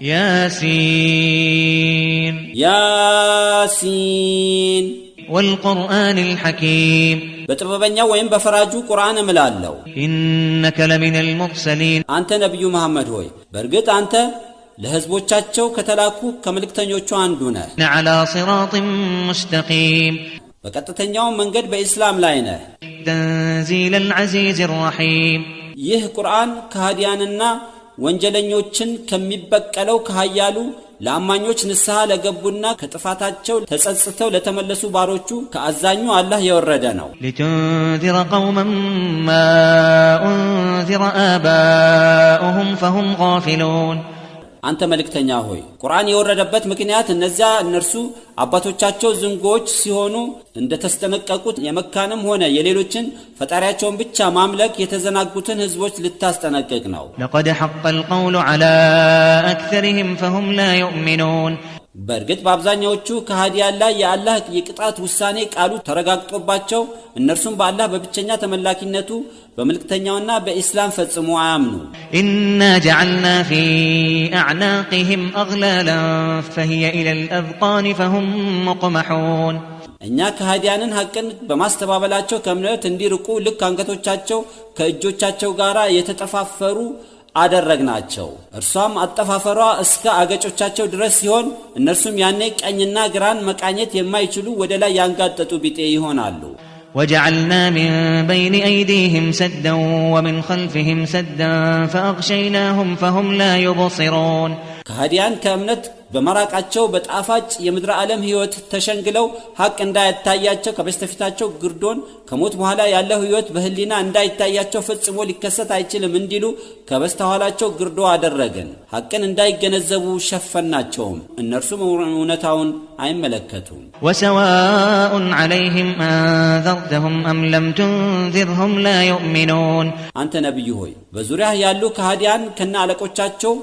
ياسين ياسين والقرآن الحكيم በጥበበኛው ወይም በፈራጁ ቁርአን እምላለሁ። ኢነከ ለሚነል ሙርሰሊን አንተ ነቢዩ መሐመድ ሆይ በእርግጥ አንተ ለሕዝቦቻቸው ከተላኩ ከመልእክተኞቹ አንዱ ነህ። ዐላ ሲራጢን ሙስተቂም በቀጥተኛው መንገድ በኢስላም ላይ ነህ። ተንዚለል ዐዚዝ ረሒም ይህ ቁርአን ከሃዲያንና ወንጀለኞችን ከሚበቀለው ከሃያሉ ለአማኞች ንስሐ ለገቡና ከጥፋታቸው ተጸጽተው ለተመለሱ ባሮቹ ከአዛኙ አላህ የወረደ ነው። ሊቱንዚረ ቀውመን ማ ኡንዚረ አባኡሁም ፈሁም ፊሉን አንተ መልእክተኛ ሆይ ቁርአን የወረደበት ምክንያት እነዚያ እነርሱ አባቶቻቸው ዝንጎዎች ሲሆኑ እንደተስጠነቀቁት የመካንም ሆነ የሌሎችን ፈጣሪያቸውን ብቻ ማምለክ የተዘናጉትን ህዝቦች ልታስጠነቅቅ ነው። ለቀድ ሐቀል ቀውሉ ዐላ አክሰርህም ፈሁም ላ ዩእሚኑን በእርግጥ በአብዛኛዎቹ ከሃዲያን ላይ የአላህ የቅጣት ውሳኔ ቃሉ ተረጋግጦባቸው እነርሱም በአላህ በብቸኛ ተመላኪነቱ በመልክተኛውና በኢስላም ፈጽሞ አያምኑ። ኢና ጀዐልና ፊ አዕናቅህም አግላላን ፈሂየ ኢለል አዝቃኒ ፈሁም ሙቅመሑን። እኛ ከሃዲያንን ሐቅን በማስተባበላቸው ከእምነት እንዲርቁ ልክ አንገቶቻቸው ከእጆቻቸው ጋር የተጠፋፈሩ አደረግናቸው። እርሷም አጠፋፈሯ እስከ አገጮቻቸው ድረስ ሲሆን እነርሱም ያኔ ቀኝና ግራን መቃኘት የማይችሉ ወደ ላይ ያንጋጠጡ ቢጤ ይሆናሉ። ወጀዐልና ሚን በይን አይዲህም ሰደን ወሚን ኸልፊህም ሰደን ፈአግሸይናሁም ፈሁም ላ ዩብሲሩን ከሃዲያን ከእምነት በመራቃቸው በጣፋጭ የምድረ ዓለም ሕይወት ተሸንግለው ሐቅ እንዳይታያቸው ከበስተፊታቸው ግርዶን ከሞት በኋላ ያለው ሕይወት በህሊና እንዳይታያቸው ፈጽሞ ሊከሰት አይችልም እንዲሉ ከበስተኋላቸው ግርዶ አደረገን። ሐቅን እንዳይገነዘቡ ሸፈናቸውም፣ እነርሱም እውነታውን አይመለከቱም። ወሰዋኡን ዐለይህም አንዘርተሁም አም ለም ትንዚርሁም ላ ዩእሚኑን። አንተ ነቢይ ሆይ በዙሪያህ ያሉ ከሃዲያን ከነ አለቆቻቸው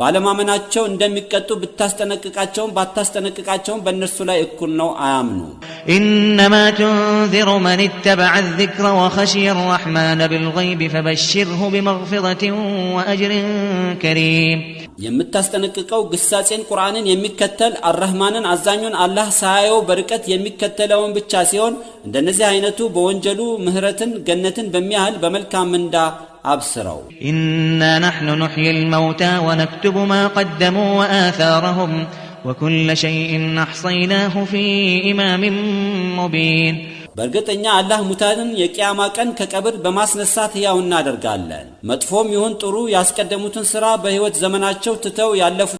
ባለማመናቸው እንደሚቀጡ ብታስጠነቅቃቸውም ባታስጠነቅቃቸውም በእነርሱ ላይ እኩል ነው፣ አያምኑ። ኢነማ ቱንዚሩ መን ተበዐ ዚክረ ወኸሽየ ረሕማነ ብልገይብ ፈበሽርሁ ቢመግፊረትን ወአጅርን ከሪም። የምታስጠነቅቀው ግሳጼን ቁርአንን የሚከተል አረህማንን አዛኙን አላህ ሳያየው በርቀት የሚከተለውን ብቻ ሲሆን እንደነዚህ አይነቱ በወንጀሉ ምህረትን ገነትን በሚያህል በመልካም ምንዳ አብስረው ኢና ናሕኑ ኑሕይ ልመውታ ወነክቱቡ ማ ቀደሙ ወአታረሁም ወኩለ ሸይእን አሕሰይናሁ ፊ ኢማምን ሙቢን በእርግጠኛ አላህ ሙታንን የቅያማ ቀን ከቀብር በማስነሳት ሕያው እናደርጋለን። መጥፎም ይሁን ጥሩ ያስቀደሙትን ሥራ በሕይወት ዘመናቸው ትተው ያለፉትን